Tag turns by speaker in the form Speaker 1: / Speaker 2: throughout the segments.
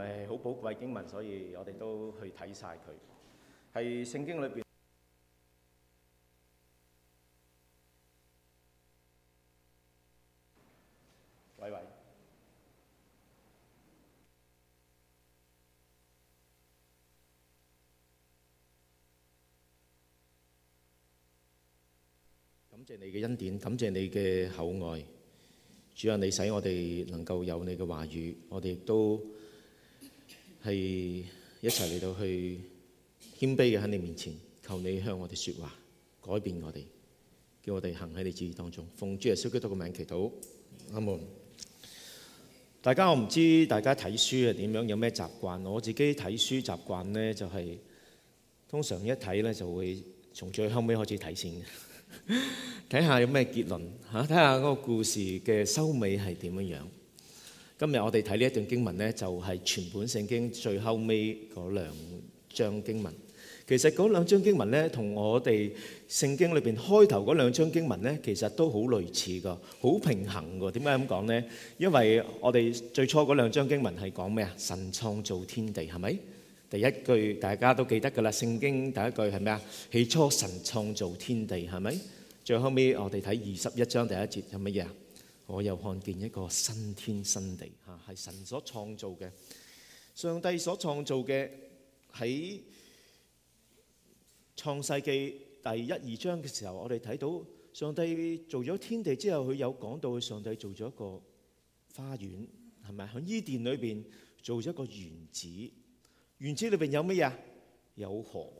Speaker 1: 係好寶貴經文，所以我哋都去睇晒佢。係聖經裏邊，拜拜。感謝你嘅恩典，感謝你嘅厚愛，主啊！你使我哋能夠有你嘅話語，我哋亦都，係一齊嚟到去謙卑嘅，喺你面前求你向我哋說話，改變我哋，叫我哋行喺你旨意當中。奉主耶穌基督嘅名祈禱，阿門。大家我唔知大家睇書係點樣，有咩習慣？我自己睇書習慣呢，就係、是、通常一睇呢，就會從最後尾開始睇先嘅，睇 下有咩結論吓，睇下個故事嘅收尾係點樣樣。今日我哋睇呢一段經文呢，就係全本聖經最後尾嗰兩章經文。其實嗰兩章經文呢，同我哋聖經裏邊開頭嗰兩章經文呢，其實都好類似噶，好平衡噶。點解咁講呢？因為我哋最初嗰兩章經文係講咩啊？神創造天地，係咪？第一句大家都記得噶啦，聖經第一句係咩啊？起初神創造天地，係咪？最後尾我哋睇二十一章第一節有乜嘢呀？我又看見一個新天新地，嚇係神所創造嘅。上帝所創造嘅喺創世記第一二章嘅時候，我哋睇到上帝做咗天地之後，佢有講到，上帝做咗一個花園，係咪喺伊甸裏邊做咗一個園子？園子裏邊有咩啊？有河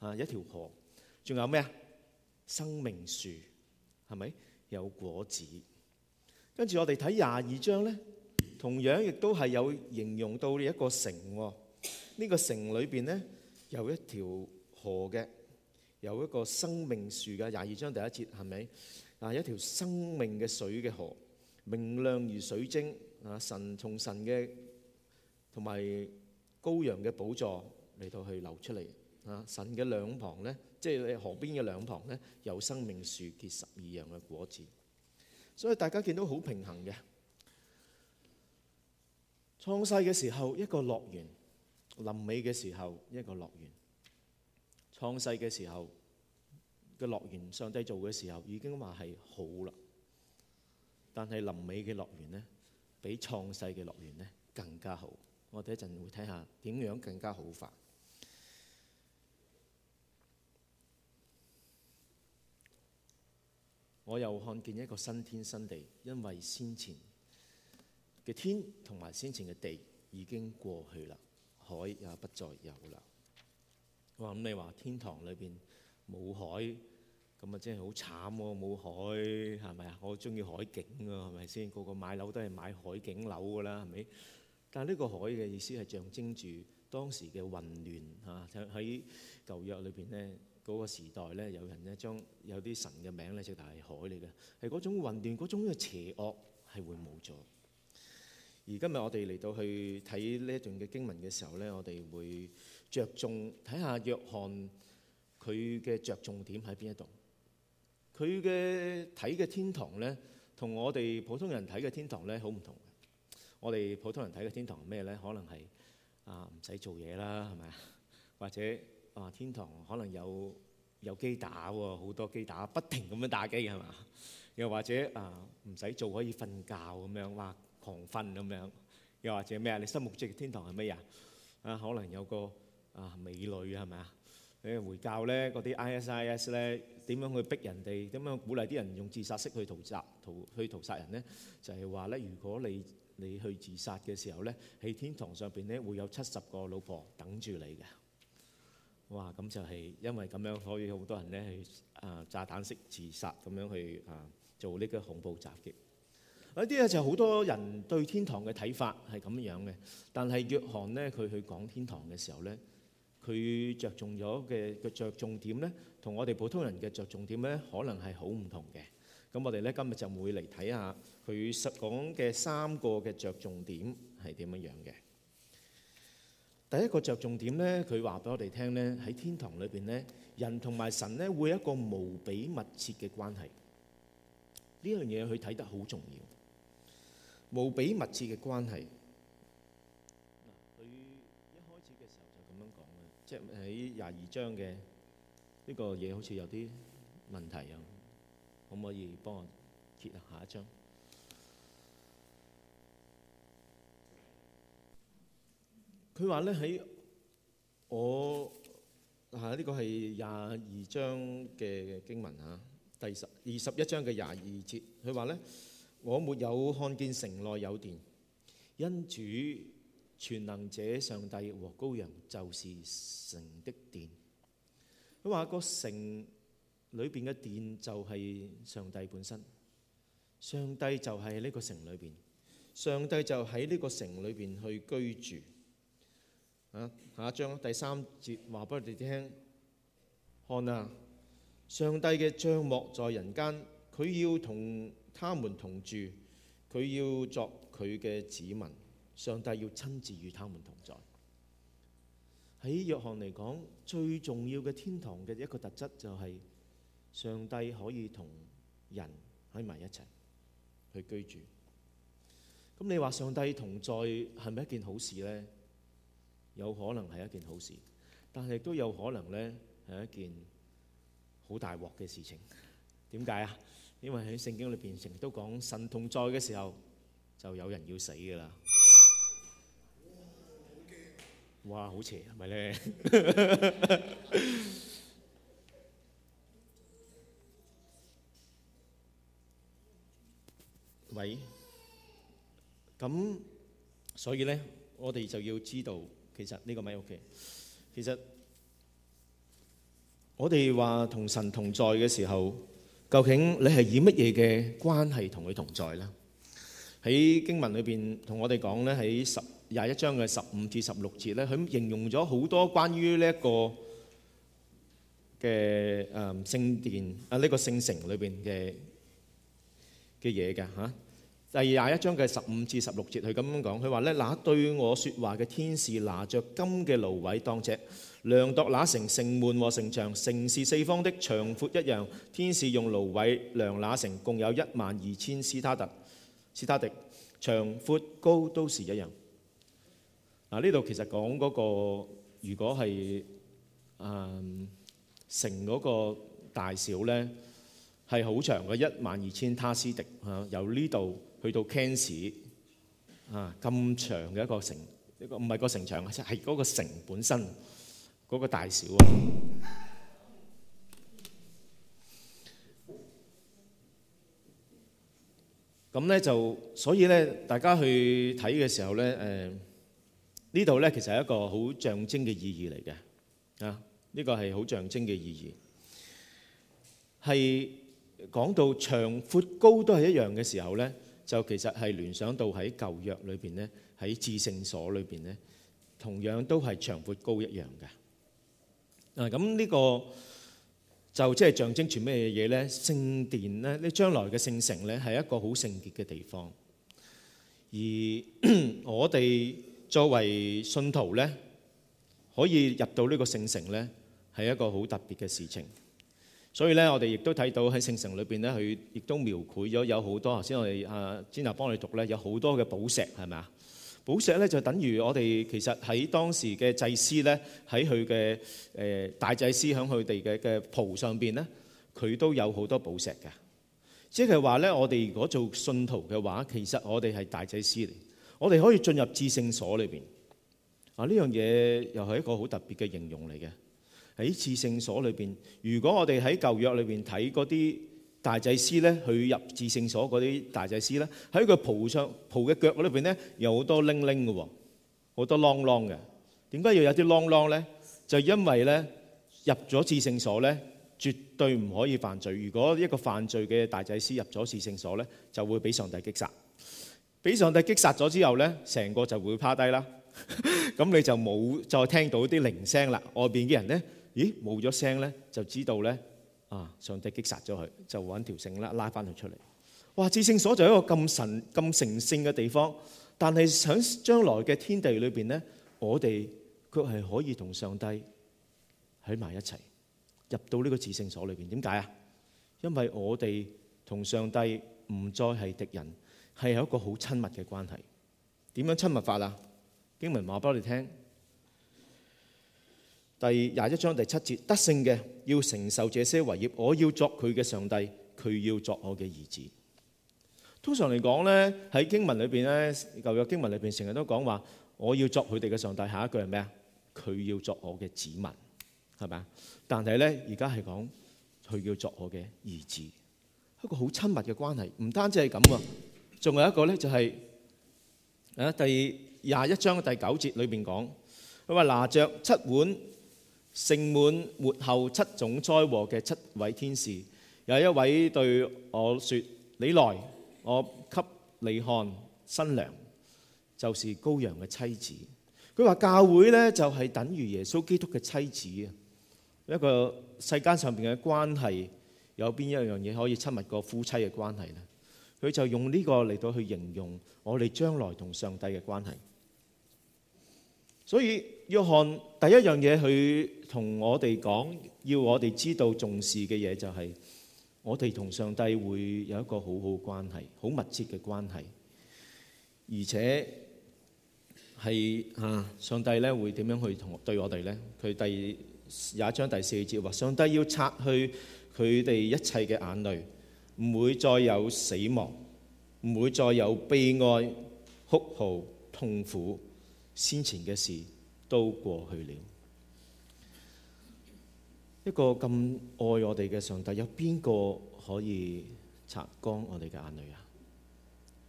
Speaker 1: 啊，一條河，仲有咩啊？生命樹係咪有果子？跟住我哋睇廿二章呢，同樣亦都係有形容到一個城，哦，呢、這個城裏邊呢，有一條河嘅，有一個生命樹嘅，廿二章第一節係咪？啊，有一條生命嘅水嘅河，明亮如水晶啊！神從神嘅同埋羔羊嘅寶座嚟到去流出嚟啊！神嘅兩旁呢，即係河邊嘅兩旁呢，有生命樹結十二樣嘅果子。所以大家見到好平衡嘅，創世嘅時候一個樂園，臨尾嘅時候一個樂園。創世嘅時候嘅樂園，上帝做嘅時候已經話係好啦。但係臨尾嘅樂園呢，比創世嘅樂園呢更加好。我哋一陣會睇下點樣更加好法。我又看見一個新天新地，因為先前嘅天同埋先前嘅地已經過去啦，海也不再有啦、嗯啊。哇咁你話天堂裏邊冇海，咁啊真係好慘喎！冇海係咪啊？我中意海景啊，係咪先？個個買樓都係買海景樓㗎啦，係咪？但係呢個海嘅意思係象徵住當時嘅混亂嚇。喺舊約裏邊呢。嗰個時代咧，有人咧將有啲神嘅名咧，就係大海嚟嘅，係嗰種混亂，嗰種嘅邪惡係會冇咗。而今日我哋嚟到去睇呢一段嘅經文嘅時候咧，我哋會着重睇下約翰佢嘅着重點喺邊一度。佢嘅睇嘅天堂咧，同我哋普通人睇嘅天堂咧，好唔同嘅。我哋普通人睇嘅天堂咩咧？可能係啊，唔使做嘢啦，係咪啊？或者？啊！天堂可能有有機打喎，好多機打，不停咁樣打機係嘛？又或者啊，唔使做可以瞓覺咁樣，話狂瞓咁樣。又或者咩啊？你心目中嘅天堂係咩啊？啊，可能有個啊美女係咪啊？誒，回教咧，嗰啲 ISIS 咧，點樣去逼人哋？點樣鼓勵啲人用自殺式去屠殺屠去屠殺人咧？就係話咧，如果你你去自殺嘅時候咧，喺天堂上邊咧，會有七十個老婆等住你㗎。哇！咁就係因為咁樣，所以好多人呢去啊炸彈式自殺咁樣去啊做呢個恐怖襲擊。有啲呢就好多人對天堂嘅睇法係咁樣嘅，但係約翰呢佢去講天堂嘅時候呢，佢着重咗嘅嘅着重點呢，同我哋普通人嘅着重點呢，可能係好唔同嘅。咁我哋呢今日就會嚟睇下佢實講嘅三個嘅着重點係點樣樣嘅。第一個着重點咧，佢話俾我哋聽咧，喺天堂裏邊咧，人同埋神咧會有一個無比密切嘅關係。呢樣嘢佢睇得好重要，無比密切嘅關係。佢一開始嘅時候就咁樣講嘅，即係喺廿二章嘅呢、呢個嘢好似有啲問題咁，可唔可以幫我揭一下下一章？佢話咧喺我嗱，呢、啊，這個係廿二章嘅經文啊，第十二十一章嘅廿二節。佢話咧，我沒有看見城內有殿，因主全能者上帝和羔羊就是城的殿。佢話個城裏邊嘅殿就係上帝本身，上帝就係呢個城裏邊，上帝就喺呢個城裏邊去居住。啊，下一章第三節話俾你哋聽，看啊，上帝嘅帳幕在人間，佢要同他們同住，佢要作佢嘅子民，上帝要親自與他們同在。喺 約翰嚟講，最重要嘅天堂嘅一個特質就係、是、上帝可以同人喺埋一齊去居住。咁你話上帝同在係咪一件好事呢？有可能係一件好事，但係亦都有可能呢係一件好大鑊嘅事情。點解啊？因為喺聖經裏邊成日都講神同在嘅時候，就有人要死噶啦。哇，好邪，係咪呢？喂，咁所以呢，我哋就要知道。其實呢個咪 ok。其實我哋話同神同在嘅時候，究竟你係以乜嘢嘅關係同佢同在呢？喺經文裏邊同我哋講呢，喺十廿一章嘅十五至十六節呢，佢形容咗好多關於呢一個嘅誒，聖殿啊，呢個聖城裏邊嘅嘅嘢嘅吓。第二廿一章嘅十五至十六節，佢咁樣講，佢話呢，那對我説話嘅天使拿著金嘅蘆葦當尺量度，那城城門和城牆，城市四方的長闊一樣。天使用蘆葦量那城，共有一萬二千斯他特、斯他迪，長、闊、高都是一樣。嗱、啊，呢度其實講嗰、那個如果係、啊、城嗰個大小呢，係好長嘅一萬二千他斯迪嚇，由呢度。去到 Can 市啊，咁長嘅一個城，一個唔係個城牆啊，即係嗰個城本身嗰個大小啊。咁咧就，所以咧，大家去睇嘅時候咧，誒呢度咧其實係一個好象徵嘅意義嚟嘅啊。呢個係好象徵嘅意義，係講到長、闊、高都係一樣嘅時候咧。就其實係聯想到喺舊約裏邊咧，喺至聖所裏邊咧，同樣都係長闊高一樣嘅。啊，咁呢、呢個就即係象徵住咩嘢嘢咧？聖殿咧，你將來嘅聖城咧，係一個好聖潔嘅地方。而我哋作為信徒咧，可以入到呢個聖城咧，係一個好特別嘅事情。所以咧，我哋亦都睇到喺聖城裏邊咧，佢亦都描繪咗有好多。頭先我哋啊，詹娜幫你讀咧，有好多嘅寶石係咪啊？寶石咧，就等於我哋其實喺當時嘅祭司咧，喺佢嘅誒，大祭司響佢哋嘅嘅袍上邊咧，佢都有好多寶石嘅。即係話咧，我哋如果做信徒嘅話，其實我哋係大祭司嚟，我哋可以進入至聖所裏邊。啊，呢樣嘢又係一個好特別嘅形容嚟嘅。喺至聖所裏邊，如果我哋喺舊約裏邊睇嗰啲大祭司咧，去入至聖所嗰啲大祭司咧，喺佢袍上袍嘅腳嗰裏邊咧，有好多鈴鈴嘅，好多啷啷嘅。點解要有啲啷啷咧？就因為咧入咗至聖所咧，絕對唔可以犯罪。如果一個犯罪嘅大祭司入咗至聖所咧，就會俾上帝擊殺。俾上帝擊殺咗之後咧，成個就會趴低啦。咁 你就冇再聽到啲鈴聲啦。外邊啲人咧，咦，冇咗聲咧，就知道咧啊，上帝擊殺咗佢，就揾條繩啦，拉翻佢出嚟。哇！至聖所就係一個咁神咁神聖嘅地方，但係想將來嘅天地裏邊咧，我哋佢卻係可以同上帝喺埋一齊，入到呢個至聖所裏邊。點解啊？因為我哋同上帝唔再係敵人，係有一個好親密嘅關係。點樣親密法啊？經文話俾我哋聽。第廿一章第七節，得勝嘅要承受這些為業，我要作佢嘅上帝，佢要作我嘅兒子。通常嚟講咧，喺經文裏邊咧，舊約經文裏邊成日都講話，我要作佢哋嘅上帝。下一句係咩啊？佢要作我嘅子民，係咪啊？但係咧，而家係講佢要作我嘅兒子，一個好親密嘅關係。唔單止係咁啊，仲有一個咧就係、是、啊，第廿一章嘅第九節裏邊講，佢話拿着七碗。盛滿末後七種災禍嘅七位天使，有一位對我説：你來，我給你看新娘，就是羔羊嘅妻子。佢話：教會呢就係等於耶穌基督嘅妻子啊！一個世間上面嘅關係，有邊一樣嘢可以親密過夫妻嘅關係呢？佢就用呢個嚟到去形容我哋將來同上帝嘅關係。所以，約翰第一樣嘢佢同我哋講，要我哋知道重視嘅嘢就係、是、我哋同上帝會有一個好好關係，好密切嘅關係。而且係啊，上帝咧會點樣去同對我哋呢？佢第廿一章第四節話，上帝要擦去佢哋一切嘅眼淚，唔會再有死亡，唔會再有悲哀、哭號、痛苦。先前嘅事都過去了，一個咁愛我哋嘅上帝，有邊個可以擦乾我哋嘅眼淚啊？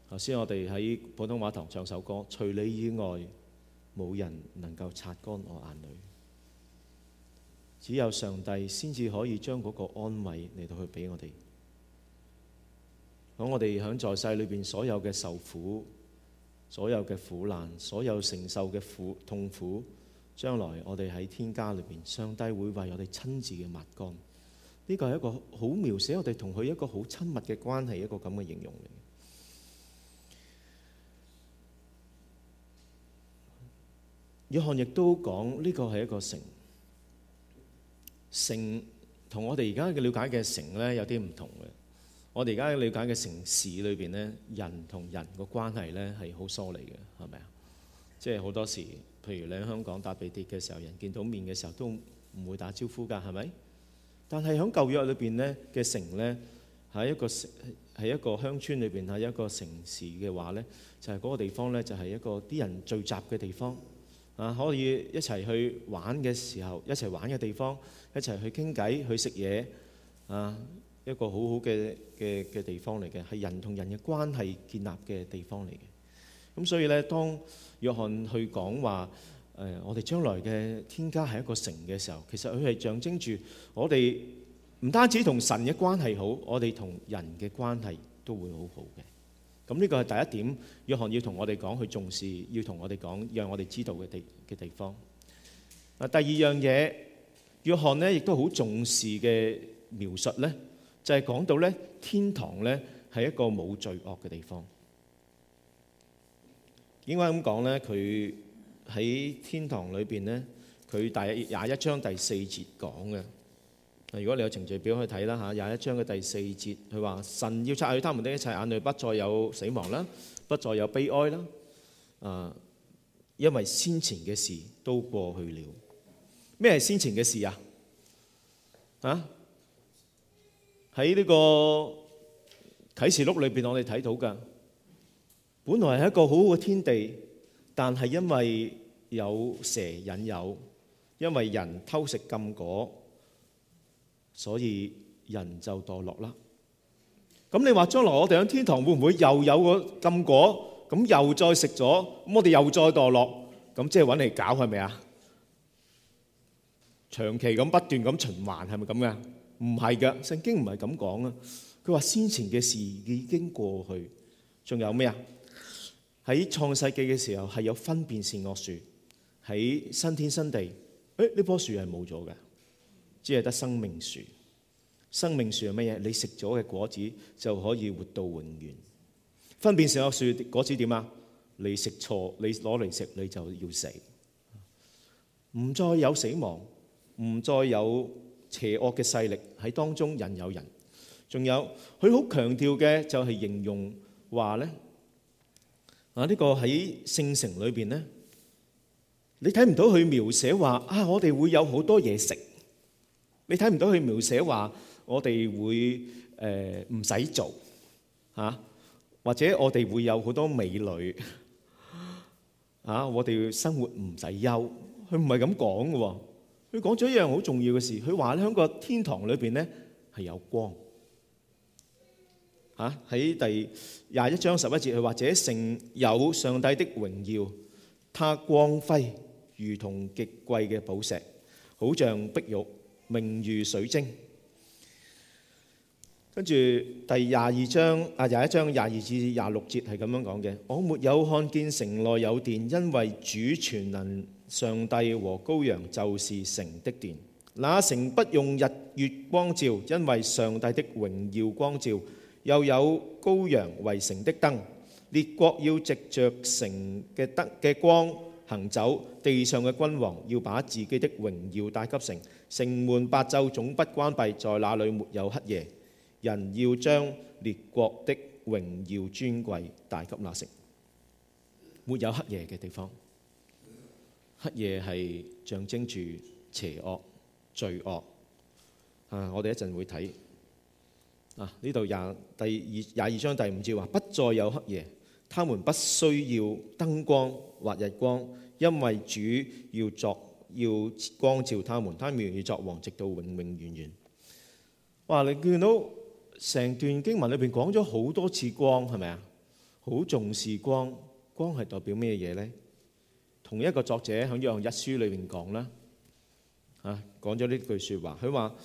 Speaker 1: 頭先我哋喺普通話堂唱首歌，除你以外，冇人能夠擦乾我眼淚，只有上帝先至可以將嗰個安慰嚟到去畀我哋。咁我哋喺在，在世裏邊所有嘅受苦。所有嘅苦難，所有承受嘅苦痛苦，將來我哋喺天家裏邊，上帝會為我哋親自嘅抹乾。呢、這個係一個好描寫我哋同佢一個好親密嘅關係，一個咁嘅形容嚟嘅。約 翰亦都講呢、這個係一個城，城同我哋而家嘅了解嘅城呢，有啲唔同嘅。我哋而家了解嘅城市裏邊呢，人同人個關係呢係好疏離嘅，係咪啊？即係好多時，譬如你喺香港搭地鐵嘅時候，人見到面嘅時候都唔會打招呼㗎，係咪？但係喺舊約裏邊呢，嘅城呢，喺一個城係一個鄉村裏邊，喺一個城市嘅話呢，就係嗰個地方呢，就係一個啲人聚集嘅地方啊，可以一齊去玩嘅時候，一齊玩嘅地方，一齊去傾偈去食嘢啊。一個好好嘅嘅嘅地方嚟嘅，係人同人嘅關係建立嘅地方嚟嘅。咁所以呢，當約翰去講話，誒，我哋將來嘅天家係一個城嘅時候，其實佢係象徵住我哋唔單止同神嘅關係好，我哋同人嘅關係都會好好嘅。咁呢個係第一點，約翰要同我哋講，去重視，要同我哋講，讓我哋知道嘅地嘅地方。啊，第二樣嘢，約翰呢亦都好重視嘅描述呢。就係講到咧，天堂咧係一個冇罪惡嘅地方。點解咁講咧？佢喺天堂裏邊咧，佢第一、廿一章第四節講嘅。嗱，如果你有程序表可以睇啦嚇，廿一章嘅第四節，佢話神要拆去他們的一切，眼淚不再有死亡啦，不再有悲哀啦。啊，因為先前嘅事都過去了。咩係先前嘅事啊？啊？喺呢個啟示錄裏邊，我哋睇到㗎，本來係一個好好嘅天地，但係因為有蛇引誘，因為人偷食禁果，所以人就墮落啦。咁你話將來我哋喺天堂會唔會又有個禁果？咁又再食咗，咁我哋又再墮落，咁即係搵嚟搞係咪啊？長期咁不斷咁循環係咪咁嘅？是唔係㗎，聖經唔係咁講啊！佢話先前嘅事已經過去，仲有咩啊？喺創世記嘅時候係有分辨善惡樹，喺新天新地，誒、哎、呢棵樹係冇咗嘅，只係得生命樹。生命樹係乜嘢？你食咗嘅果子就可以活到永遠。分辨善惡樹果子點啊？你食錯，你攞嚟食你就要死。唔再有死亡，唔再有。邪惡嘅勢力喺當中，人有人。仲有佢好強調嘅就係形容話咧，啊呢個喺聖城裏邊咧，你睇唔到佢描寫話啊，我哋會有好多嘢食。你睇唔到佢描寫話我哋會誒唔使做吓，或者我哋會有好多美女啊，我哋生活唔使憂。佢唔係咁講嘅喎。佢講咗一樣好重要嘅事，佢話咧喺個天堂裏邊咧係有光嚇，喺第廿一章十一節，佢話：這城有上帝的榮耀，祂光輝如同極貴嘅寶石，好像碧玉，明如水晶。跟住第廿二章啊，廿一章廿二至廿六節係咁樣講嘅，我沒有看見城內有殿，因為主全能。上帝和羔羊就是城的殿，那城不用日月光照，因為上帝的榮耀光照，又有羔羊為城的燈。列國要藉着城嘅燈嘅光行走，地上嘅君王要把自己的榮耀帶給城。城門白晝總不關閉，在那裏沒有黑夜。人要將列國的榮耀尊貴帶給那城，沒有黑夜嘅地方。黑夜係象徵住邪惡、罪惡。啊，我哋一陣會睇。啊，呢度廿第二廿二章第五節話：不再有黑夜，他們不需要燈光或日光，因為主要作要光照他們，他們願意作王，直到永永遠遠。哇！你見到成段經文裏邊講咗好多次光，係咪啊？好重視光，光係代表咩嘢呢？同一個作者喺《約翰一書》裏邊講啦，嚇講咗呢句説話，佢話：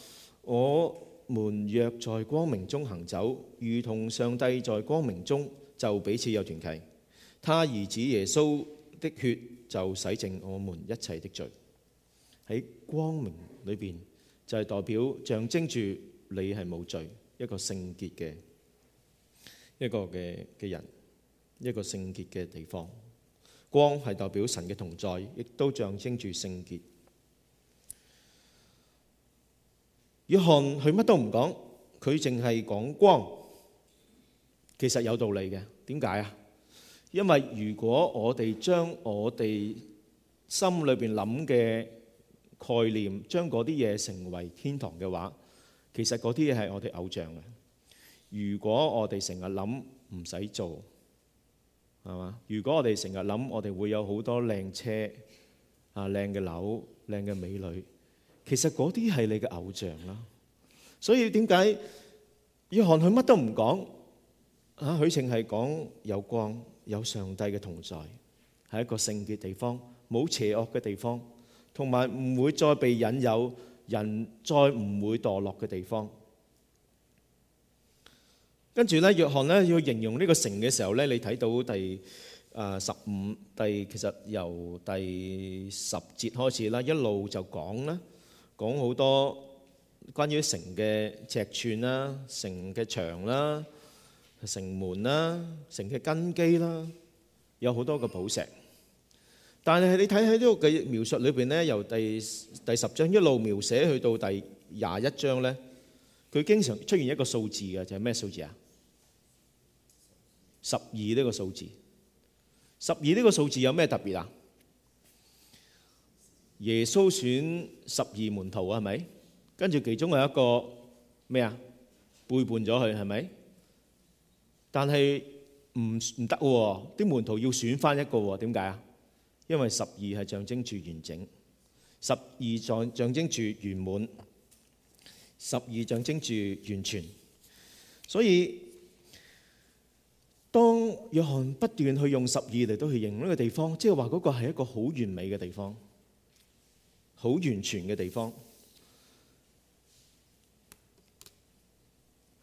Speaker 1: 我們若在光明中行走，如同上帝在光明中，就彼此有團契。他兒子耶穌的血就洗淨我們一切的罪。喺光明裏邊就係、是、代表象徵住你係冇罪，一個聖潔嘅一個嘅嘅人，一個聖潔嘅地方。光係代表神嘅同在，亦都象徵住聖潔。約翰佢乜都唔講，佢淨係講光，其實有道理嘅。點解啊？因為如果我哋將我哋心裏邊諗嘅概念，將嗰啲嘢成為天堂嘅話，其實嗰啲嘢係我哋偶像嘅。如果我哋成日諗唔使做。係嘛？如果我哋成日諗，我哋會有好多靚車啊、靚嘅樓、靚嘅美女，其實嗰啲係你嘅偶像啦。所以點解約翰佢乜都唔講啊？佢淨係講有光、有上帝嘅同在，係一個聖潔地方，冇邪惡嘅地方，同埋唔會再被引誘，人再唔會墮落嘅地方。跟住咧，約翰咧要形容呢個城嘅時候咧，你睇到第啊十五第其實由第十節開始啦，一路就講啦，講好多關於城嘅尺寸啦、城嘅牆啦、城門啦、城嘅根基啦，有好多個寶石。但係你睇喺呢個嘅描述裏邊咧，由第第十章一路描寫去到第廿一章咧，佢經常出現一個數字嘅，就係咩數字啊？十二呢個數字，十二呢個數字有咩特別啊？耶穌選十二門徒係咪？跟住其中有一個咩啊？背叛咗佢係咪？但係唔唔得喎，啲門徒要選翻一個喎？點解啊？因為十二係象徵住完整，十二象象徵住圓滿，十二象徵住完，完全，所以。當約翰不斷去用十二嚟到去形容呢個地方，即係話嗰個係一個好完美嘅地方，好完全嘅地方，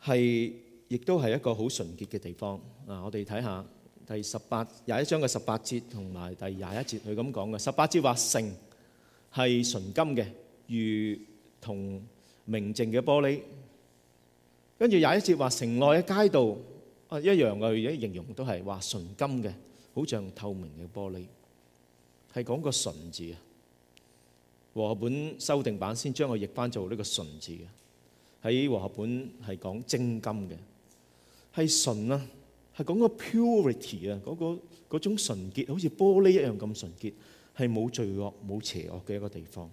Speaker 1: 係亦都係一個好純潔嘅地方。嗱，我哋睇下第十八廿一章嘅十八節同埋第廿一節，佢咁講嘅。十八節話城係純金嘅，如同明淨嘅玻璃。跟住廿一節話城內嘅街道。啊，一樣嘅佢而家形容都係話純金嘅，好像透明嘅玻璃，係講個純字啊。和合本修訂版先將佢譯翻做呢個純字嘅。喺和合本係講精金嘅，係純啊，係講個 purity 啊，嗰個嗰種純潔，好似玻璃一樣咁純潔，係冇罪惡、冇邪惡嘅一個地方。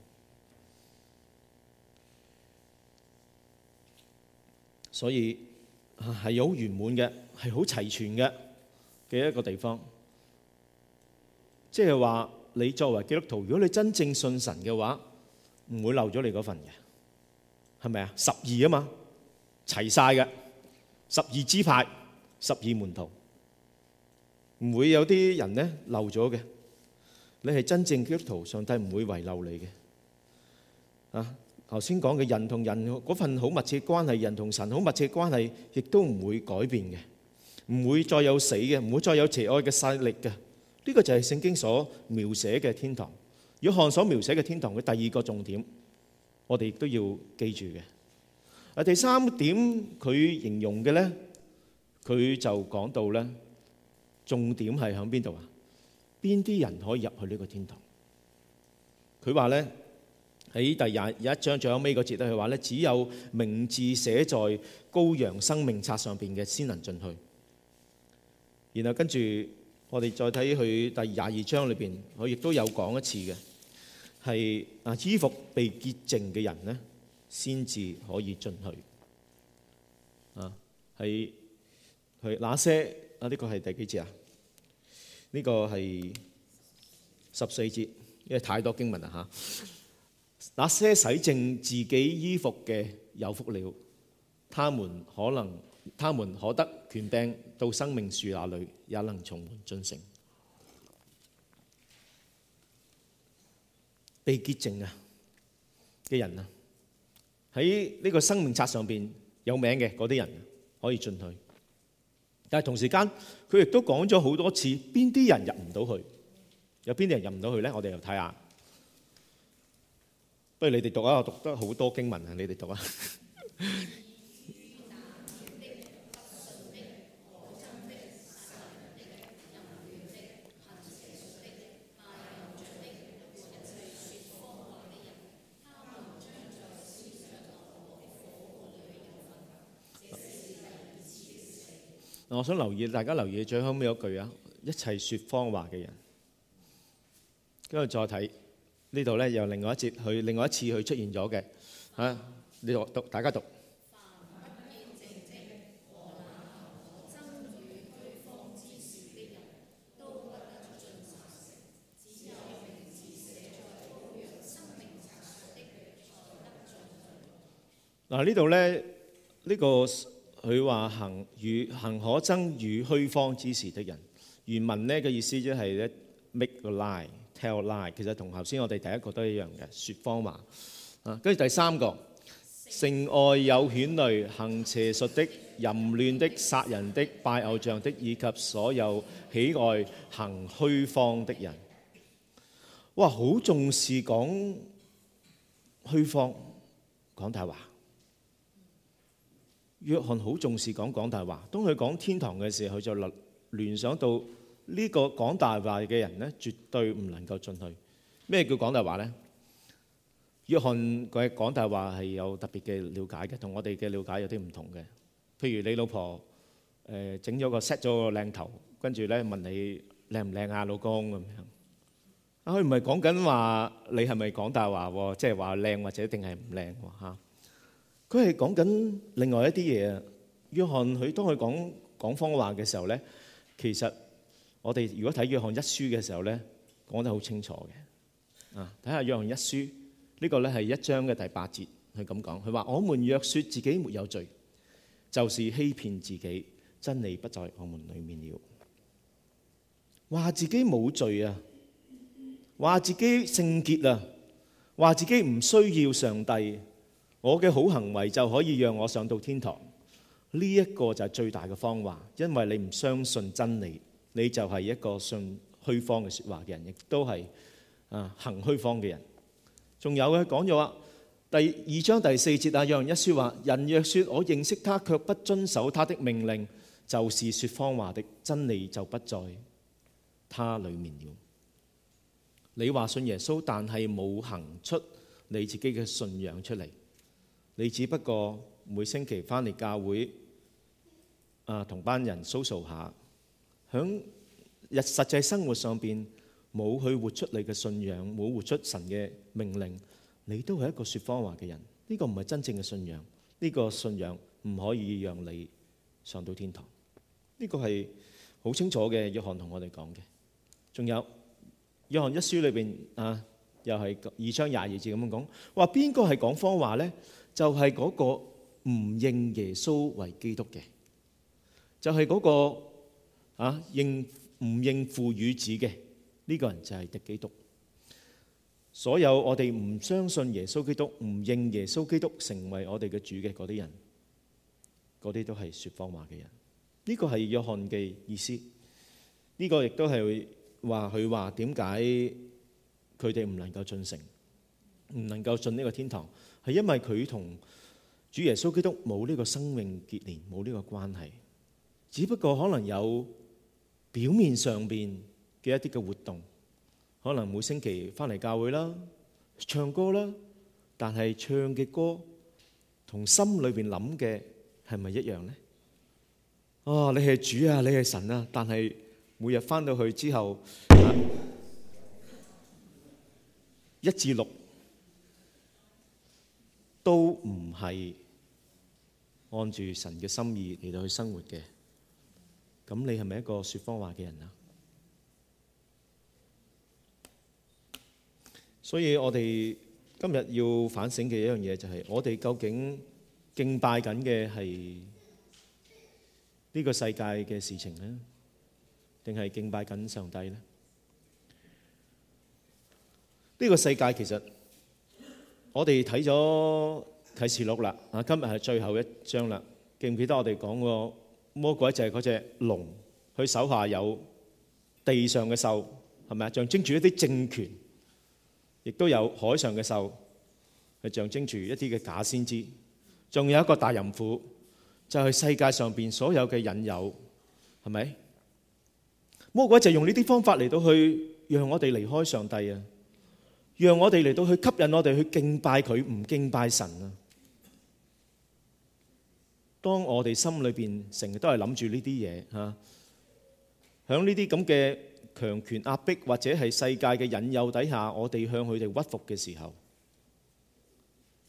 Speaker 1: 所以。係好圓滿嘅，係好齊全嘅嘅一個地方。即係話你作為基督徒，如果你真正信神嘅話，唔會漏咗你嗰份嘅，係咪啊？十二啊嘛，齊晒嘅，十二支派，十二門徒，唔會有啲人呢漏咗嘅。你係真正基督徒，上帝唔會遺漏你嘅，啊？頭先講嘅人同人嗰份好密切關係，人同神好密切關係，亦都唔會改變嘅，唔會再有死嘅，唔會再有邪惡嘅勢力嘅。呢個就係聖經所描寫嘅天堂。約翰所描寫嘅天堂嘅第二個重點，我哋都要記住嘅。啊，第三點佢形容嘅咧，佢就講到咧，重點係響邊度啊？邊啲人可以入去呢個天堂？佢話咧。喺第廿一章最後尾嗰節咧，佢話咧，只有名字寫在羔羊生命冊上邊嘅，先能進去。然後跟住我哋再睇佢第二廿二章裏邊，我亦都有講一次嘅，係啊，衣服被潔淨嘅人咧，先至可以進去啊。係佢那些啊？呢、這個係第幾節啊？呢、這個係十四節，因為太多經文啦嚇。啊那些洗淨自己衣服嘅，有福了，他們可能他們可得權柄，到生命樹那裏也能從門進城。被潔淨啊嘅人啊，喺呢個生命冊上邊有名嘅嗰啲人啊，可以進去，但係同時間佢亦都講咗好多次邊啲人入唔到去，有邊啲人入唔到去咧？我哋又睇下。不如你哋讀啊！我讀得好多經文啊！你哋讀啊！ 我想留意大家留意最後尾一句啊！一切説謊話嘅人，跟住再睇。呢度咧又另外一節，佢另外一次佢出現咗嘅嚇，你讀讀大家讀。嗱，呢度咧呢個佢話行與行可憎與虛謊之事的人，原文咧嘅意思即係咧 make a lie。tell lie 其實同頭先我哋第一個都一樣嘅，説謊話。啊，跟住第三個，城外有犬類、行邪術的、淫亂的、殺人的、拜偶像的，以及所有喜愛行虛謊的人。哇，好重視講虛謊講大話。約翰好重視講講大話。當佢講天堂嘅時候，佢就聯聯想到。呢個講大話嘅人咧，絕對唔能夠進去。咩叫講大話咧？約翰佢講大話係有特別嘅瞭解嘅，同我哋嘅瞭解有啲唔同嘅。譬如你老婆誒整咗個 set 咗個靚頭，跟住咧問你靚唔靚啊，老公咁樣。啊，佢唔係講緊話你係咪講大話，即係話靚或者定係唔靚嚇。佢係講緊另外一啲嘢啊。約翰佢當佢講講謊話嘅時候咧，其實。我哋如果睇《約翰一書》嘅時候呢，講得好清楚嘅。睇下《約翰一書》呢個呢係一章嘅第八節，佢咁講，佢話：我們若說自己沒有罪，就是欺騙自己，真理不在我們裏面了。話自己冇罪啊，話自己聖潔啊，話自己唔需要上帝，我嘅好行為就可以讓我上到天堂。呢一個就係最大嘅謊話，因為你唔相信真理。你就係一個信虛方嘅說話嘅人，亦都係啊行虛方嘅人。仲有嘅講咗話，第二章第四節啊，有人一說話，人若說我認識他，卻不遵守他的命令，就是說謊話的，真理就不在他裏面了。你話信耶穌，但係冇行出你自己嘅信仰出嚟，你只不過每星期返嚟教會啊同班人 social 下。喺日實際生活上邊冇去活出你嘅信仰，冇活出神嘅命令，你都係一個説謊話嘅人。呢、這個唔係真正嘅信仰，呢、這個信仰唔可以讓你上到天堂。呢、這個係好清楚嘅。約翰同我哋講嘅，仲有約翰一書裏邊啊，又係二章廿二節咁樣講，話邊個係講謊話咧？就係、是、嗰個唔認耶穌為基督嘅，就係、是、嗰、那個。啊，認唔認父與子嘅呢個人就係敵基督。所有我哋唔相信耶穌基督、唔認耶穌基督成為我哋嘅主嘅嗰啲人，嗰啲都係説謊話嘅人。呢個係約翰嘅意思。呢個亦都係話佢話點解佢哋唔能夠進城，唔能夠進呢個天堂，係因為佢同主耶穌基督冇呢個生命結連，冇呢個關係。只不過可能有表面上邊嘅一啲嘅活動，可能每星期翻嚟教會啦、唱歌啦，但係唱嘅歌同心裏邊諗嘅係咪一樣呢？啊，你係主啊，你係神啊，但係每日翻到去之後，一至六都唔係按住神嘅心意嚟到去生活嘅。咁你係咪一個説謊話嘅人啊？所以我哋今日要反省嘅一樣嘢就係，我哋究竟敬拜緊嘅係呢個世界嘅事情呢，定係敬拜緊上帝呢？呢個世界其實我哋睇咗啟示錄啦，啊，今日係最後一章啦。記唔記得我哋講過？魔鬼就係嗰隻龍,佢手下有地上嘅獸,係咪啊?象徵住一啲政權,亦都有海上嘅獸,係象徵住一啲嘅假先知。仲有一個大淫婦,就係世界上面所有嘅引誘,係咪?魔鬼就用呢啲方法嚟到去讓我哋離開上帝啊,讓我哋嚟到去吸引我哋去敬拜佢,唔敬拜神啊。當我哋心裏邊成日都係諗住呢啲嘢嚇，喺呢啲咁嘅強權壓迫，或者係世界嘅引誘底下，我哋向佢哋屈服嘅時候，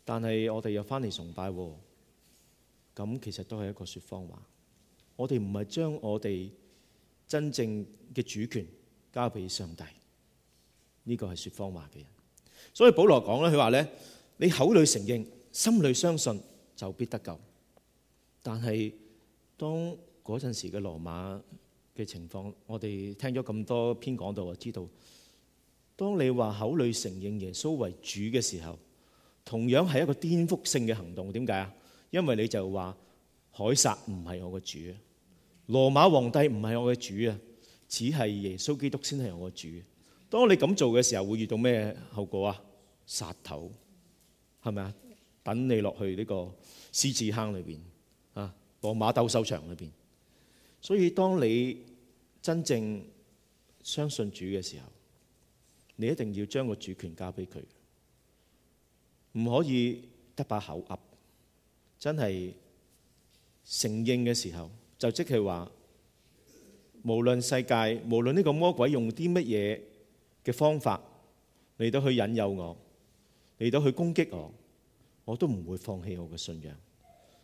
Speaker 1: 但係我哋又翻嚟崇拜，咁、啊、其實都係一個説謊話。我哋唔係將我哋真正嘅主權交俾上帝，呢、這個係説謊話嘅人。所以保羅講咧，佢話咧：你口裏承認，心裏相信，就必得救。但係，當嗰陣時嘅羅馬嘅情況，我哋聽咗咁多篇講道啊，我知道當你話口裏承認耶穌為主嘅時候，同樣係一個顛覆性嘅行動。點解啊？因為你就話凱撒唔係我嘅主，羅馬皇帝唔係我嘅主啊，只係耶穌基督先係我嘅主。當你咁做嘅時候，會遇到咩後果啊？殺頭係咪啊？等你落去呢個獅子坑裏邊。羅馬鬥獸場裏邊，所以當你真正相信主嘅時候，你一定要將個主權交俾佢，唔可以得把口噏。真係承認嘅時候，就即係話，無論世界，無論呢個魔鬼用啲乜嘢嘅方法嚟到去引誘我，嚟到去攻擊我，我都唔會放棄我嘅信仰，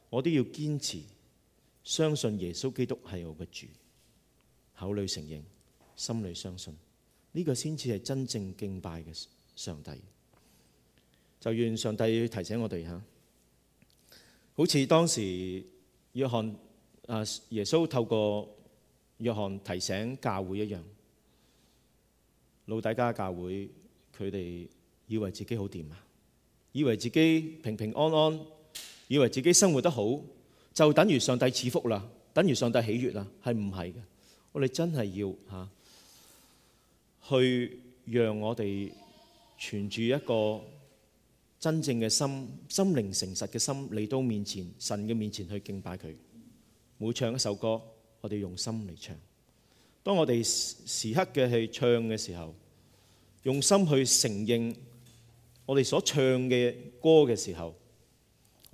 Speaker 1: 我都要堅持。相信耶穌基督係我嘅主，口裏承認，心裏相信，呢、這個先至係真正敬拜嘅上帝。就願上帝提醒我哋嚇，好似當時約翰啊，耶穌透過約翰提醒教會一樣，老底嘉教會佢哋以為自己好掂啊，以為自己平平安安，以為自己生活得好。就等於上帝賜福啦，等於上帝喜悅啦，係唔係嘅？我哋真係要嚇、啊，去讓我哋存住一個真正嘅心、心靈誠實嘅心，嚟到面前、神嘅面前去敬拜佢。每唱一首歌，我哋用心嚟唱。當我哋時刻嘅去唱嘅時候，用心去承認我哋所唱嘅歌嘅時候。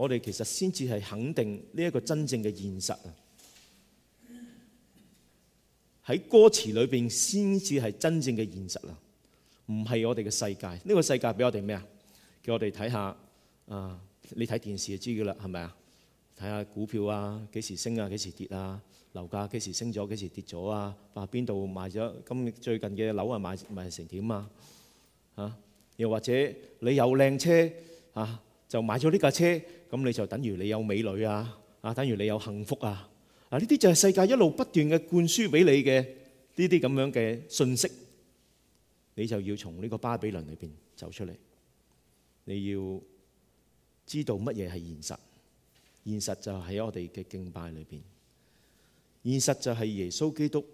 Speaker 1: 我哋其實先至係肯定呢一個真正嘅現實啊！喺歌詞裏邊先至係真正嘅現實啊，唔係我哋嘅世界。呢個世界俾我哋咩啊？叫我哋睇下啊！你睇電視就知噶啦，係咪啊？睇下股票啊，幾時升啊，幾時跌啊？樓價幾時升咗，幾時跌咗啊？話邊度賣咗？咁最近嘅樓啊，賣賣成點啊？啊！又或者你有靚車啊？就買咗呢架車，咁你就等於你有美女啊，啊，等於你有幸福啊。嗱，啊，呢啲就係世界一路不斷嘅灌輸俾你嘅呢啲咁樣嘅信息。你就要從呢個巴比倫裏邊走出嚟。你要知道乜嘢係現實？現實就喺我哋嘅敬拜裏邊。現實就係耶穌基督，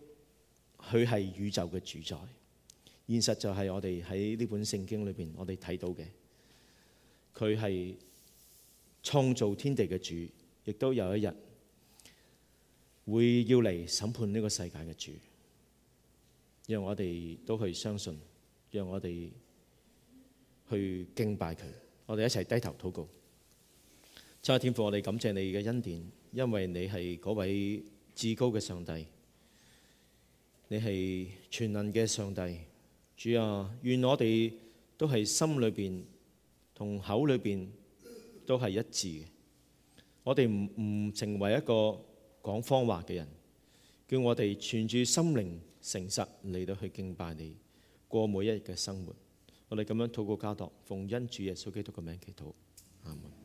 Speaker 1: 佢係宇宙嘅主宰。現實就係我哋喺呢本聖經裏邊我哋睇到嘅。佢係創造天地嘅主，亦都有一日會要嚟審判呢個世界嘅主。讓我哋都去相信，讓我哋去敬拜佢。我哋一齊低頭禱告。親愛天父，我哋感謝你嘅恩典，因為你係嗰位至高嘅上帝，你係全能嘅上帝。主啊，願我哋都係心裏邊。同口裏邊都係一致嘅，我哋唔唔成為一個講謊話嘅人，叫我哋存住心靈誠實嚟到去敬拜你，過每一日嘅生活，我哋咁樣禱告交託，奉恩主耶穌基督個名祈禱。阿門。